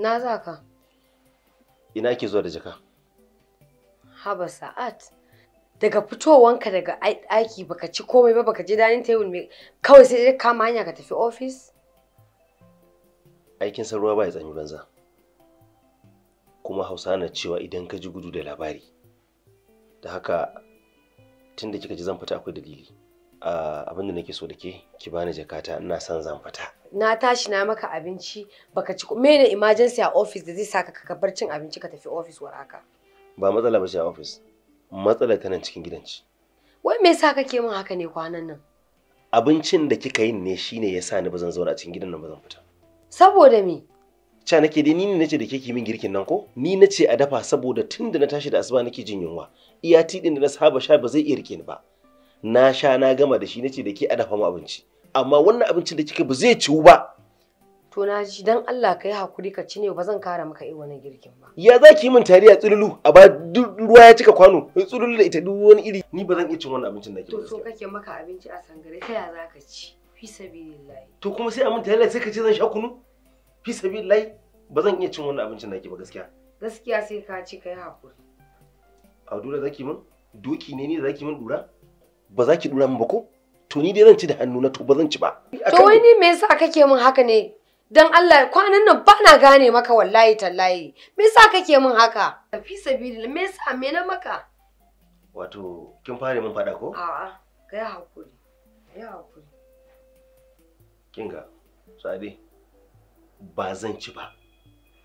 Na za ka? Ina ke zuwa da jaka? Haba Sa'ad, daga fitowanka daga aiki baka ci komai ba baka je danin table mai kawai sai dai kama hanya ka tafi ofis? Aikin san ruwa ba ya tsami banza. Kuma Hausa na cewa idan ka ji gudu da labari. Da haka tun kika ji zan fita akwai dalili. Ah, abin da nake so da ke ki bani jakata ina son zan fita na tashi na maka abinci baka ci mene emergency a office da zai saka ka bar cin abinci ka tafi office waraka ba matsala ba a office matsala tana cikin gidanci wai me yasa kake min haka ne kwanan nan abincin da kika yin ne shine yasa ni bazan zauna a cikin gidan nan bazan fita saboda me ca nake dai ni ne nace da kike min girkin nan ko ni nace a dafa saboda tunda na tashi da asuba nake jin yunwa iya tidin da na saba sha ba zai iya rike ni ba na sha na gama da shi na ce da ke a dafa mu abinci amma wannan abincin da kika ba zai ciwu ba to na ji dan Allah kai hakuri ka ci ne ba zan kara maka irin wannan girkin ba ya za ki min tariya tsululu a ba ruwa ya cika kwano tsululu da ita duk wani iri ni ba zan iya cin wannan abincin da kike to so kake maka abinci a sangare ta ya zaka ka ci fi sabilillahi to kuma sai a mun tariya sai ka ce zan sha kunu fi sabilillahi ba zan iya cin wannan abincin da kike ba gaskiya gaskiya sai ka ci kai hakuri a dura zaki min doki ne ne zaki min dura ba za ki dura min ba ko to ni dai zan ci da hannu na to ba zan ci ba to wai ni me yasa kake min haka ne dan Allah kwanan nan ba na gane maka wallahi tallahi me yasa kake min haka fi sabili me yasa me na maka wato kin fare min fada ko a'a kai hakuri kai hakuri kinga sabe ba zan ci ba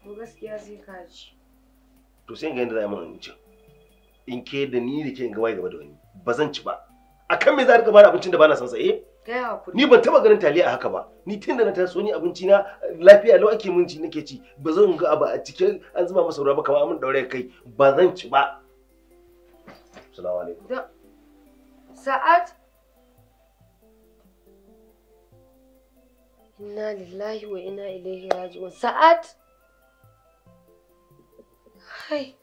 ko gaskiya sai ka ci to sai ga yadda za a yi in ke da ni da ke in ga waye gaba da wani ba zan ci ba akan me za ka bani abincin da bana son sa eh? ni ban taba ganin taliya a haka ba ni tunda na taso ni abinci na lafiya lau ake mun ci nake ci ba zan ga abu a cikin an zuba masa ruwa ba kamar mun daure kai ba zan ci ba assalamu alaikum sa'ad inna lillahi wa inna ilaihi raji'un sa'ad hai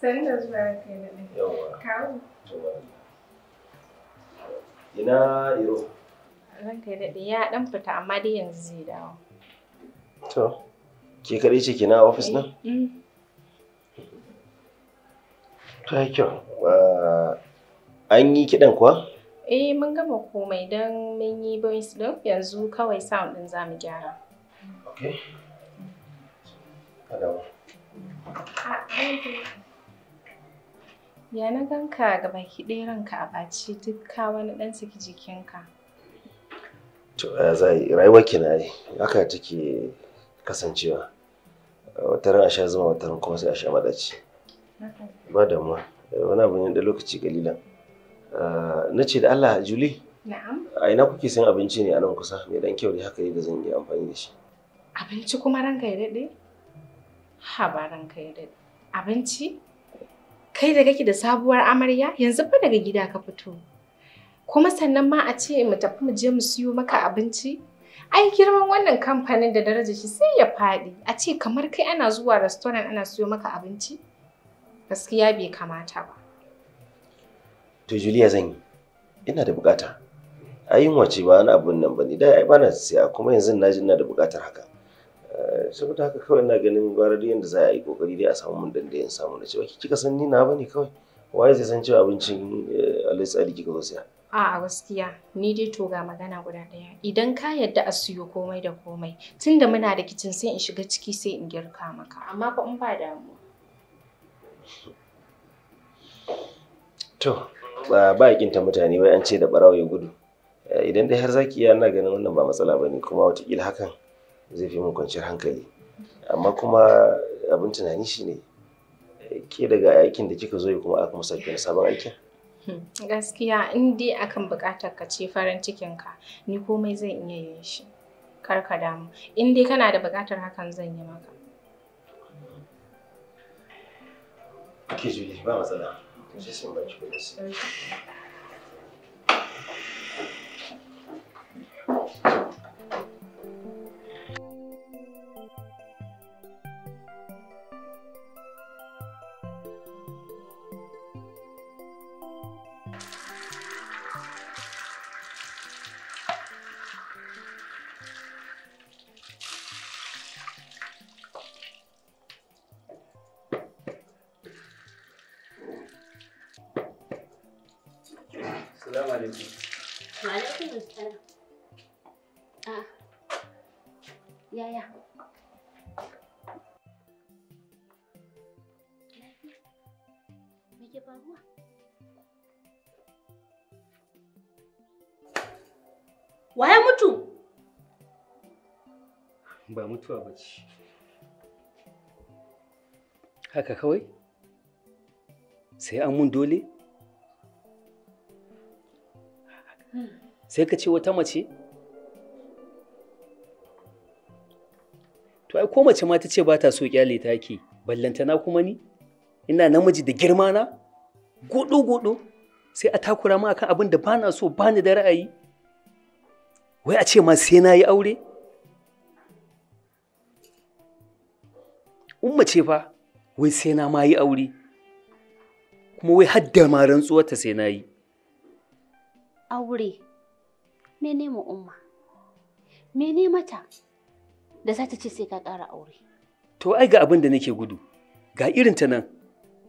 Sani da zuwa kai na ne. Kawo. Ina Europe. Ranka ya daɗe ya ɗan fita amma dai yanzu zai dawo. To, ke kaɗai ce kina ofis nan? Ta yi kyau. An yi kiɗan kuwa? Eh, mun gama komai don mun yi voice ɗin yanzu kawai sound ɗin za mu gyara. Okay. Hello. Ah, thank you. Ya na ganka ga baki ɗaya ranka a baci duk ka wani ɗan saki jikinka. To ya za yi rayuwar ki na yi haka take kasancewa. Wata ran a sha zuma wata ran kuma sai a sha madaci. Ba damuwa wani abu ne da lokaci galilan. Ah, na ce da Allah Juli. Na'am. A ina kuke san abinci ne a nan kusa mai ɗan kyau ne haka ne da zan yi amfani da shi. Abinci kuma ranka ya daɗe? Ha ba ranka ya daɗe. Abinci? kai da kake da sabuwar amarya yanzu fa daga gida ka fito kuma sannan ma a ce mu tafi mu je mu siyo maka abinci ai girman wannan kamfanin da daraja shi sai ya faɗi a ce kamar kai ana zuwa restaurant ana siyo maka abinci gaskiya bai kamata ba to Julia zan yi ina da bukata ai yunwa ce ba wani abun nan bane da ai bana siya kuma yanzu na ji ina da bukatar haka saboda haka kawai ina ganin gwara da yadda za a yi kokari dai a samu mun dandayin samu na cewa kika san ni na bane kawai waye zai san cewa abincin alis eh, ali kika zo siya a gaskiya ni dai to ga magana guda daya idan ka yadda a siyo komai da komai tunda muna da kicin sai in shiga ciki sai in girka maka amma fa in ba damuwa to ba yakin ta mutane wai an ce da barawo ya gudu eh, idan dai har zaki iya ina ganin wannan ba matsala bane kuma wataƙila hakan zai fi mun kwanciyar hankali amma kuma abin tunani shi ne ke daga aikin da kika zo kuma aka musa ke sabon aikin gaskiya in dai akan bukatar ka ce farin cikin ka ni komai zan iya yin shi kar ka damu in dai kana da bukatar hakan zan yi maka ke ba matsala. Ah. Wa ya mutu ba mutuwa ba ce haka kawai sai an mun dole hmm. sai ka ce wata mace to ai ko mace ma ta ce ba ta so kyale ta ke na kuma ni ina namiji da girma na godo godo sai a takura ma kan abin da bana so bani da ra'ayi wai a ce ma sai na yi aure umma ce fa wai sai na ma yi aure kuma wai hadda ma rantsuwar ta sai na yi aure mene ma umma mene mata da za ta ce sai ka ƙara aure to ai ga abin da nake gudu ga irin ta nan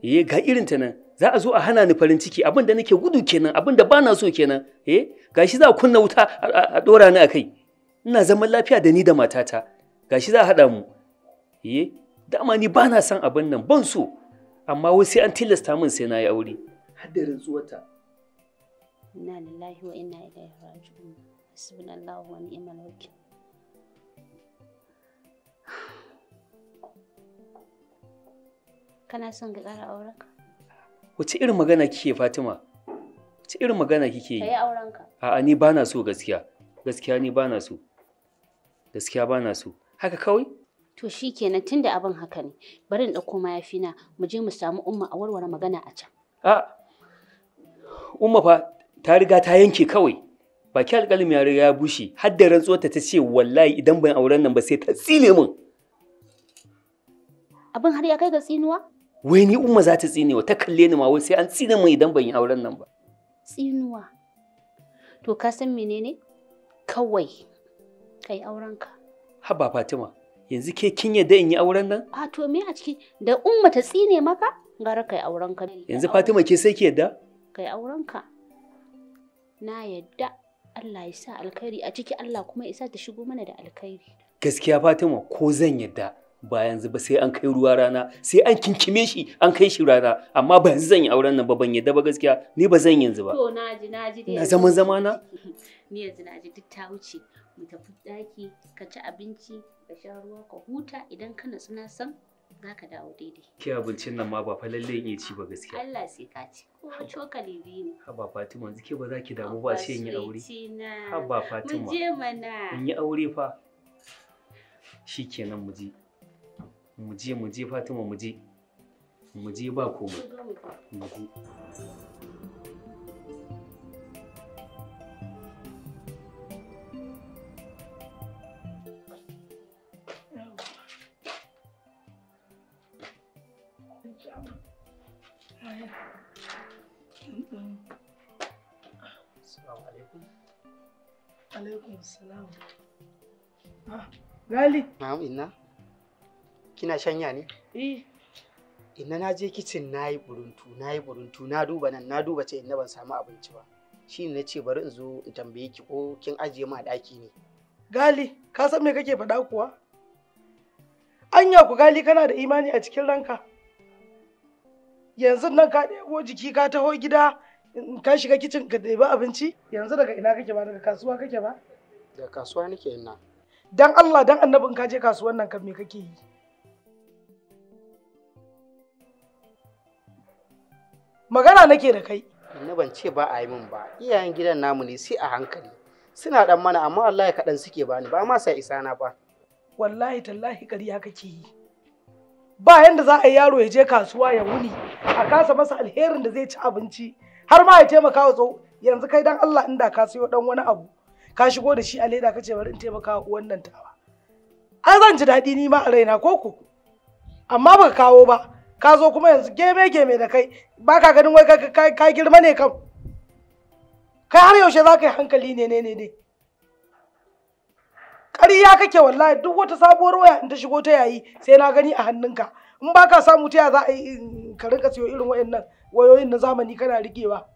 eh ga irin ta nan za a zo a hana ni farin ciki abin da nake gudu kenan abin da bana so kenan eh gashi za a kunna wuta a dora ni akai ina zaman lafiya da ni da matata gashi za a haɗa mu eh dama ni bana son abin nan ban so amma wai sai an tilasta min sai na yi aure har da rantsuwata inna lillahi wa inna ilaihi raji'un hasbunallahu wa ni'mal wakil kana son ka ƙara aurenka wace irin magana kike Fatima wace irin magana kike yi kai aurenka a'a ni bana so gaskiya gaskiya ni bana so gaskiya bana so haka kawai to shikenan tunda abin haka ne bari in dauko mayafi na mu je mu samu umma a warware magana a can a umma fa ta riga ta yanke kawai baki alƙalmi ya riga ya bushe har da rantsuwar ta ce wallahi idan ban auren nan ba sai ta tsine min abin har ya kai ga tsinuwa wai ni umma za ta wa? ta kalle ni ma wai sai an tsine min idan ban yi auren nan ba tsinuwa to ka san menene kawai kai aurenka haba fatima yanzu ke kin yadda in yi auren nan a to me a ciki da umma ta tsine maka gara kai aurenka yanzu fatima ke sai ki yadda kai aurenka na yadda Allah ya sa alkhairi a ciki Allah kuma ya sa ta shigo mana da alkhairi gaskiya Fatima ko zan yadda ba yanzu ba sai an kai ruwa rana sai an kinkime shi an kai shi rana amma ba yanzu zan yi auren nan ba ban yadda ba gaskiya ni ba zan yanzu ba to naji naji na zaman zama na ni yanzu naji duk ta wuce mu tafi daki ka ci abinci ka sha ruwa ka huta idan kana suna san za ka dawo daidai. Ke abincin nan ma ba fa lalle in ci ba gaskiya. Allah sai ka ci. Ko cokali biyu ne. Haba Fatima yanzu ke ba za ki damu ba sai in yi aure. Haba Fatima. Mu je mana. In yi aure fa. Shikenan mu je. Mu je mu je Fatima mu je. Mu je ba komai. Mu je. Lali. Ah, inna. Kina shanya ne? Eh. Inna na je kicin na yi buruntu, na yi buruntu, na duba nan, na duba ce inna ban samu abinci ba. Shi ne na ce bari in zo in tambaye ki ko kin ajiye ma daki ne. Gali, ka san me kake faɗa kuwa? Anya ku gali kana da imani a cikin ranka. Yanzu nan ka ɗebo jiki ka taho gida in ka shiga kicin ka ɗebi abinci yanzu daga ina kake ba daga kasuwa kake ba da kasuwa nake ina dan Allah dan annabin ka je kasuwan nan kan me kake yi magana nake da kai na ban ce ba a yi min ba iyayen gidan namu ne sai a hankali suna dan mana amma wallahi kaɗan suke bani ba ma sai isa na ba wallahi tallahi ƙarya kake yi ba yanda za a yi yaro ya je kasuwa ya wuni a kasa masa alherin da zai ci abinci har ma ya taimaka wa tsoho yanzu kai dan Allah inda ka siyo dan wani abu ka shigo da shi a leda kace bari in taimaka wa wannan tawa ai zan ji daɗi ni ma a raina ko ku amma baka kawo ba ka zo kuma yanzu geme geme da kai ba ka ganin wai ka girma ne kam kai har yaushe za ka yi hankali ne ne ne dai ƙarya kake wallahi duk wata sabuwar waya in ta shigo ta yayi sai na gani a hannunka in ba ka samu ta za a yi ka rinka siyo irin wayannan wayoyin na zamani kana rikewa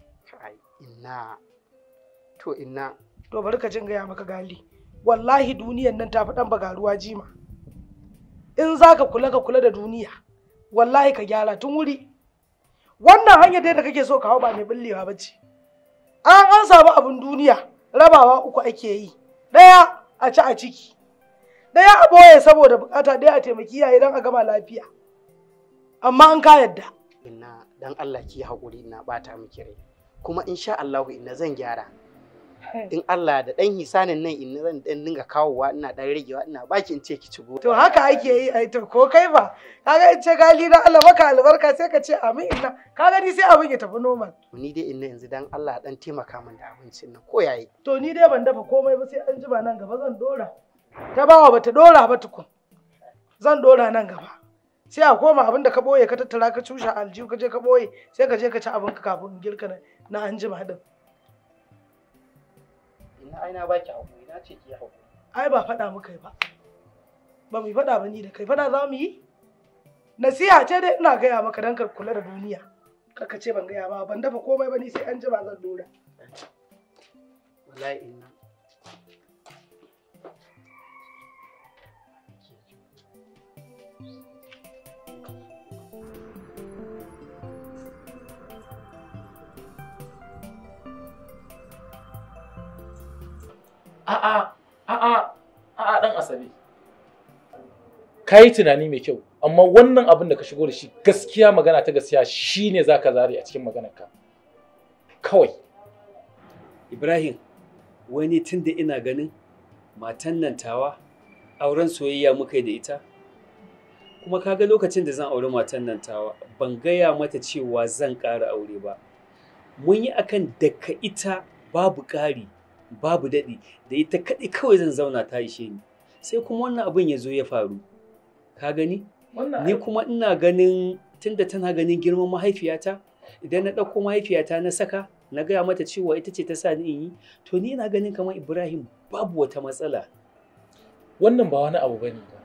Inna, to inna. To bari ka jin gaya maka gali, wallahi duniyan nan ta fi ɗan bagaruwa jima. In za ka kula ka kula da duniya, wallahi ka gyara tun wuri. Wannan hanyar dai da kake so ka hau ba mai billewa ba ce. An an samu abin duniya, rabawa uku ake yi. Ɗaya a ci a ciki, ɗaya a boye saboda bukata ɗaya a taimaki yayi don a gama lafiya. Amma an ka yadda. Inna. dan Allah ki haƙuri na bata miki rai kuma insha Allahu inna zan gyara in Allah da dan hisanin nan inna zan dan dinga kawowa ina dan ragewa ina baki in ce ki ci gobe to haka ake yi ai to ko kai ba kaga in ce gali na Allah maka albarka sai ka ce amin inna kaga ni sai abin ya tafi normal ni dai inna yanzu dan Allah dan taimaka min da abincin nan ko yayi to ni dai ban dafa komai ba sai an jiba nan gaba zan dora ta bawa bata dora ba tukun zan dora nan gaba sai a koma abin da ka boye ka tattara ka cushe aljihu ka je ka boye sai ka je ka ci abin ka kafin girka na an jima din ina ai na baki ce ki ai ba faɗa muka yi ba ba mu faɗa ba ni da kai faɗa za mu yi nasiha ce dai ina gaya maka dan ka kula da duniya ka ce ban gaya ba ban dafa komai ba ni sai an jima zan dora wallahi inna a'a a'a a'a dan asabe ka tunani mai kyau amma wannan abin da ka shigo da shi gaskiya magana ta gaskiya shine za ka zare a cikin maganarka kawai ibrahim wani tun ina ganin matan nan tawa auren soyayya muka yi da ita kuma kaga lokacin da zan auri matan nan tawa ban gaya mata cewa zan ƙara aure ba mun yi akan daga ita babu ƙari babu daɗi da ita kaɗai kawai zan zauna ta ishe ni sai kuma wannan abin ya zo ya faru ka gani ni kuma ina ganin tunda tana ganin girman mahaifiyata idan na ɗauko mahaifiyata na saka na gaya mata cewa ita ce ta sa ni in yi to ni ina ganin kamar ibrahim babu wata matsala wannan ba wani abu bane ba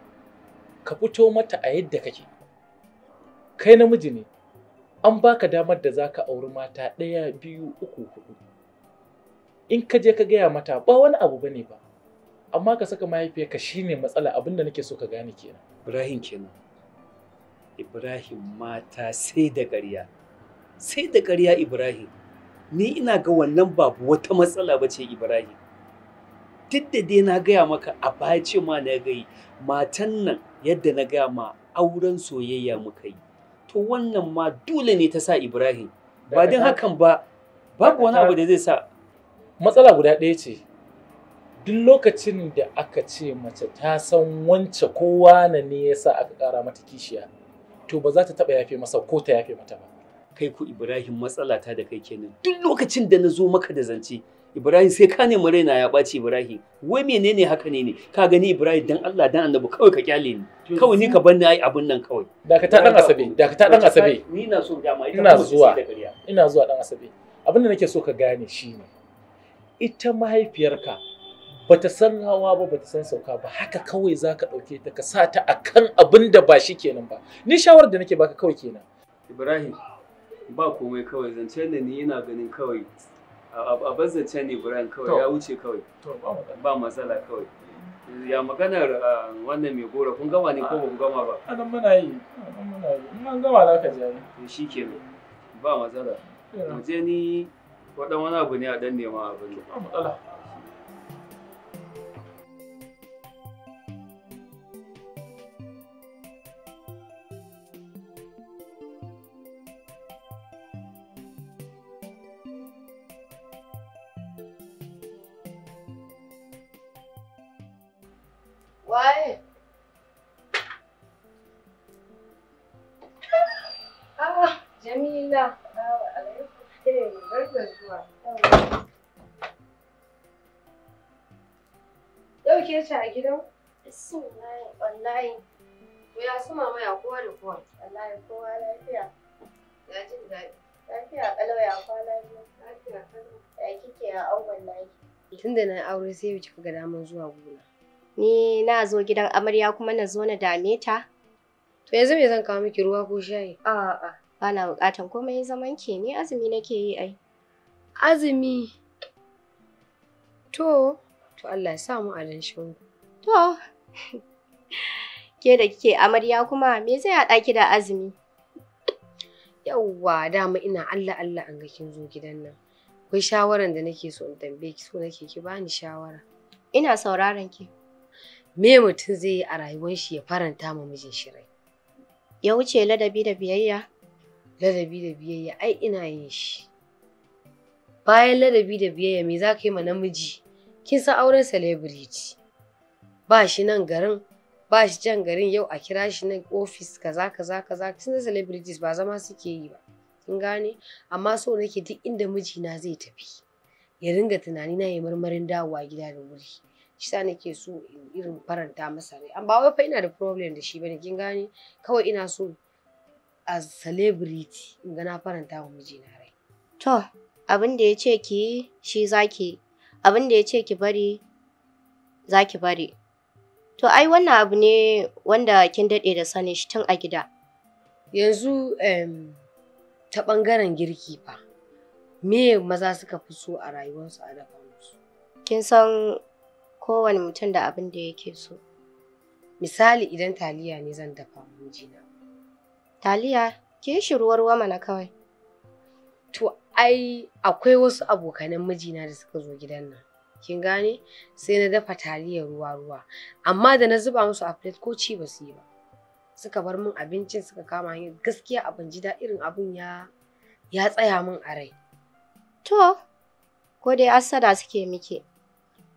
ka fito mata a yadda kake kai namiji ne an baka damar da zaka auri mata ɗaya biyu uku huɗu in ka je ka gaya mata ba wani abu bane ba amma ka saka mahaifiyarka shine matsala abinda nake so ka gane kenan ibrahim kenan ibrahim mata sai da ƙarya sai da ƙarya ibrahim ni ina ga wannan babu wata matsala ba ibrahim duk da dai na gaya maka a baya ce ma na gai matan nan yadda na gaya ma auren soyayya muka yi to wannan ma dole ne ta sa ibrahim ba don hakan ba babu wani abu da zai sa matsala guda ɗaya ce duk lokacin da aka ce mace ta san wance kowa na ne ya sa aka ƙara mata kishiya to ba za ta taɓa yafe masa ko ta yafe mata ba kai ku ibrahim matsala ta da kai kenan duk lokacin da na zo maka da zance ibrahim sai ka nemi raina ya ɓaci ibrahim wai menene haka ne ne ka gani ibrahim dan allah dan annabi kawai ka kyale ni kawai ni ka banni ai abun nan kawai dakata dan asabe dakata dan asabe ni so ina zuwa ina zuwa dan asabe abin da nake so ka gane shine ita mahaifiyarka ba ta san hawa ba ba ta san sauka ba haka kawai za ka ɗauke ta ka sa ta a kan abin da ba shi kenan ba ni shawarar da nake baka kawai kenan Ibrahim ba komai kawai zancen da ni yana ganin kawai a bazzance ne Ibrahim kawai ya wuce kawai ba matsala kawai ya maganar ah, wannan mai gora kun gama ne ko ba ku gama ba a nan muna yi muna yi in an gama za ka ji shi kenan ba matsala mu je ni waɗan wani abu ne a dan nema abin da. Ba matsala. ke ci a gidan? wallahi. ya su mama ya kowa da kowa. Wallahi kowa lafiya. Ya jin daɗi. Lafiya ya kwana biyu. Lafiya Ya kike ya auren naki. Tun da na aure sai wuce ga damar zuwa gona. Ni na zo gidan amarya kuma na zo na dame ta. To ya me zan kawo miki ruwa ko shayi? A'a. Ba na buƙatan komai zaman ke ne azumi nake yi ai. Azumi. To, To Allah ya sa mu a To, ke da kike amarya kuma me zai haɗa ki da azumi? Yawwa dama ina Allah Allah an ga kin zo gidan nan. Akwai shawaran da nake so in tambaye ki so nake ki bani shawara. Ina sauraron ki. Me mutum zai yi a rayuwar shi ya faranta ma mijin shi rai? Ya wuce ladabi da biyayya? Ladabi da biyayya ai ina yin shi. Bayan ladabi da biyayya me za ka yi ma namiji? kin san auren celebrity ba shi nan garin ba shi can garin yau a kira shi nan ofis kaza kaza kaza kin san celebrities ba zama suke yi ba kin gane amma so nake duk inda mijina zai tafi ya ringa tunani na ya marmarin dawowa gida da wuri shi sa nake so in irin faranta masa ne amma wai fa ina da problem da shi bane kin gane kawai ina so a celebrity in ga na faranta wa mijina rai to abin da ya ce ki shi zaki abin da ya ce ki bari za ki bari to ai wannan abu ne wanda kin daɗe da sanish shi tun a gida yanzu ta ɓangaren girki fa me maza suka fi so a rayuwarsu a dafa musu kin san kowane mutum da abin da yake so misali idan taliya ne zan dafa mijina taliya ki yi shi ruwa mana kawai to ai akwai wasu abokanan mijina da suka zo gidan nan kin gane sai na dafa taliyar ruwa ruwa amma da na zuba musu a plate ko ci ba su yi ba suka bar min abincin suka kama hanyar gaskiya abin ji da irin abun ya ya tsaya min a rai to ko dai asada suke miki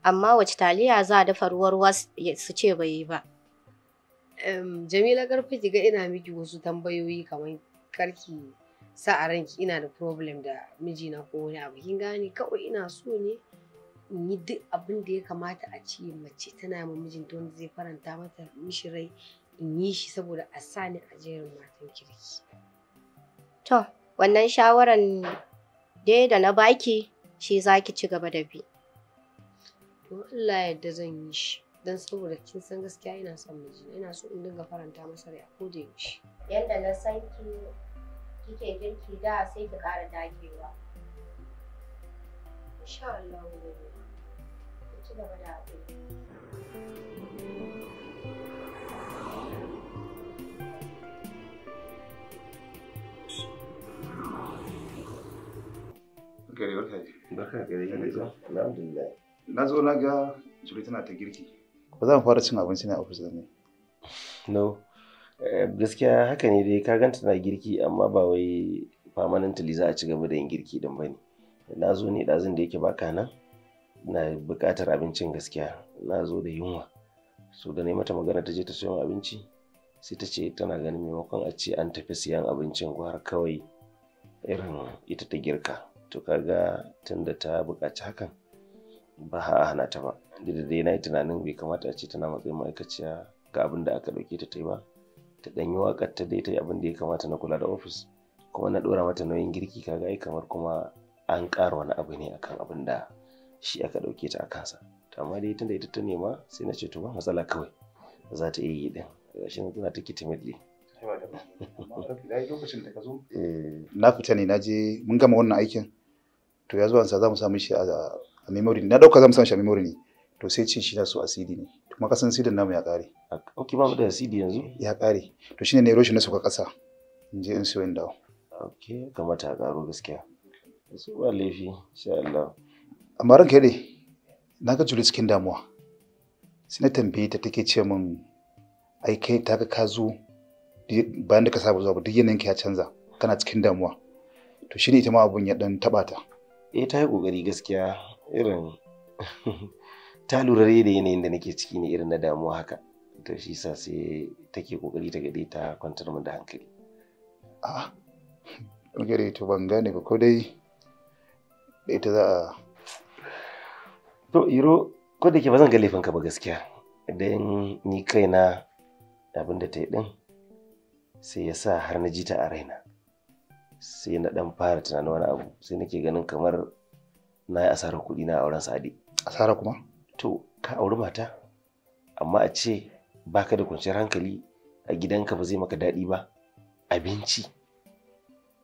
amma wace taliya za a dafa ruwa ruwa su ce bai yi ba Jamila garfi ga ina miki wasu tambayoyi kamar karki sa a ranki ina da problem da mijina ko wani abu kin gane kawai ina so ne in yi duk abin da ya kamata a ce mace tana ma mijinta wanda zai faranta mata mishi rai in yi shi saboda a sa ni a jerin matan kirki. To, wannan shawaran dai da na baki shi za ki ci gaba da bi. To, Allah yadda zan yi shi. Don saboda kin san gaskiya ina son mijina, ina so in dinga faranta masa rai a koda yaushe. Yadda na san ki kike girki da sai ki ƙara dagewa insha Allah ku ci gaba da haƙuri Na zo na ga Juli tana ta girki. Ba za mu fara cin abinci ne a ofis ne. No. Eh, gaskiya haka ne dai ka ganta na girki amma ba wai permanently za a ci gaba da yin girki din ne. na zo ne ɗazun da yake baka nan na buƙatar abincin gaskiya na zo da yunwa so da na mata magana ta je ta sayo abinci sai ta ce tana ganin maimakon a ce an tafi siyan abincin gwar kawai irin ita ta girka to kaga da ta buƙaci hakan ba a hana ta ba da dai na yi tunanin bai kamata a ce tana matsayin ma'aikaciya ga abin da aka ɗauke ta ta yi ba ta yi waƙar ta dai ta yi abin da ya kamata na kula da ofis kuma na ɗora mata nauyin girki kaga ai kamar kuma an ƙara wani abu ne akan abin da shi aka ɗauke ta a kansa to amma dai tunda ita ta nema sai na ce to ba matsala kawai za ta iya yi din gashi tana ta kitimidli eh. na fita ne na je mun gama wannan aikin to ya zuwa sa za mu samu shi a memory na ɗauka za mu samu shi a memory ne to sai ce shi na asidi ne to maka san sidin namu ya kare ok ba mu da asidi yanzu ya kare to shine ne roshi na suka kasa in je in siyo dawo ok kamata a karo gaskiya su ba laifi insha Allah amma ranka dai na ga juri cikin damuwa sai na tambaye ta take ce min ai kai ta ga ka zo bayan da ka saba zuwa duk yanayinka ya canza kana cikin damuwa to shine ita ma abun ya dan taba ta eh ta yi kokari gaskiya irin ta lura da yanayin da nake ciki ne irin na damuwa haka to shi sa sai take kokari ta gade ta kwantar mu da hankali a ah, gare to ban gane ba ko dai da ita za a to iro ko da ke ba zan ga laifinka ba gaskiya Idan ni kaina abin da ta yi din sai ya sa har na ji ta a raina sai na dan fara tunanin wani abu sai nake ganin kamar na yi asarar kuɗi na auren sa'adi asara kuma to ka auri mata amma a ce baka da kwanciyar hankali a gidanka ba zai maka daɗi ba abinci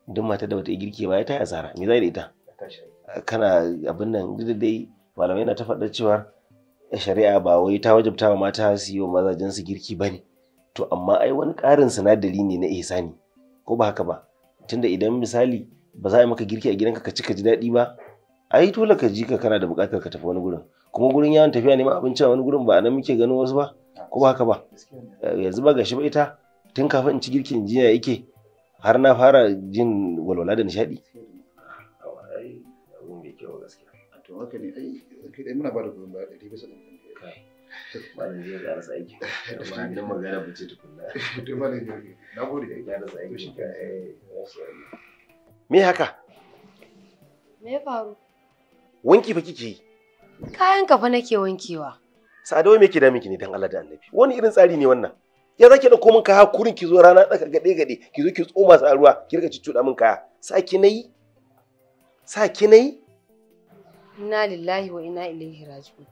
duk mata da bata girki ba ya ta yi asara me zai da ita kana abin nan duk dai malamai na ta faɗa cewa shari'a ba wai ta wajabta wa mata su yi wa mazajen su girki ba ne to amma ai wani ƙarin sinadari ne na ihsani ko ba haka ba tunda idan misali ba za a yi maka girki a gidanka ka ci ka ji daɗi ba ai dole ka ji ka kana da buƙatar ka tafi wani gurin kuma gurin yawon tafiya neman abinci a wani gurin ba nan muke ganin wasu ba ko ba haka ba eh, yanzu ba gashi ba ita tun kafin in ci girkin jiya yake har na fara jin walwala da nishadi eh, me haka me faru wanki fa kike yi Kayan ka fa nake wankewa. Sadawai me ke da miki ne dan Allah da Annabi? Wani irin tsari ne wannan? Ya zaki dauko min kaya kurin ki zo rana daga gade gade ki zo ki tsoma su a ruwa ki rika cuccuda min kaya. Sa ki nayi? Sa ki nayi? Inna lillahi wa inna ilaihi raji'un.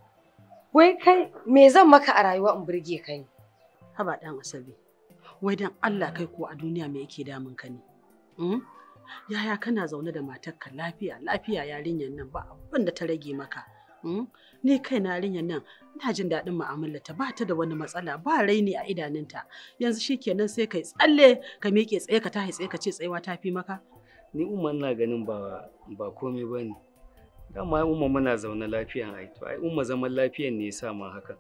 Wai kai me zan maka a rayuwa in burge ka ne? Haba dan Asabe. Wai dan Allah kai ko a duniya me yake damun ka ne? Hmm? Yaya kana zaune da matarka lafiya lafiya yarinyar nan ba abin da ta rage maka. Hmm? Ni kai na rinya nan ina jin daɗin mu'amalar ta ba ta da wani matsala ba raini a idanunta. Yanzu shikenan sai kai tsalle ka miƙe tsaye ka tahi tsaye ka ce tsayuwa ta fi maka. Ni umma ina ganin ba ba komai bane. Dama umma muna zaune lafiyan ai to ai umma zaman lafiyan ne yasa ma haka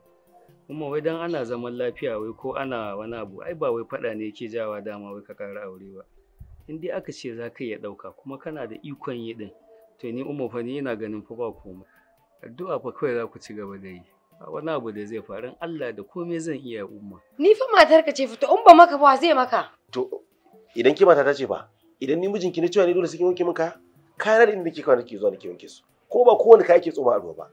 Umma wai dan ana zaman lafiya wai ko ana wani abu ai ba wai faɗa ne yake jawa dama wai ka ƙara aure ba. In dai aka ce za ka iya ɗauka kuma kana da ikon yi ɗin to ni umma fa ni ina ganin fa ba komai. addu'a fa kawai za ku ci gaba da yi wani abu da zai faru Allah da komai zan iya umma ni fa matar ka ce fito in ba maka ba zai maka to idan ki mata ta ce ba idan ni mijinki ne cewa ni dole sai kin wanke min kaya da inda kike kawai nake zuwa nake wanke su ko ba kowane kaya ke tsoma a ruwa ba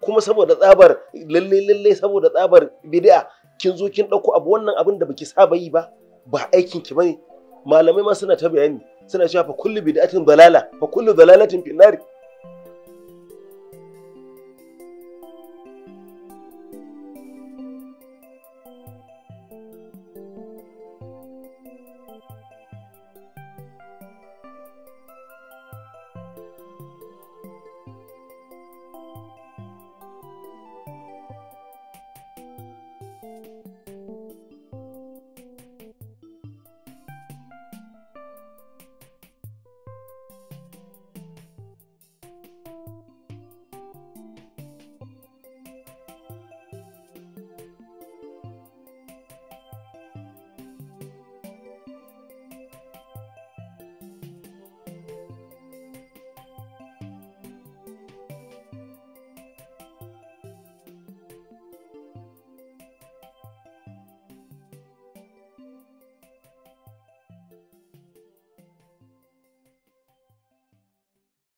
kuma saboda tsabar lalle lalle saboda tsabar bid'a kin zo kin dauko abu wannan abin da baki saba yi ba ba aikin ki bane malamai ma suna ta bayani suna cewa fa kullu bid'atin dalala fa kullu dalalatin fi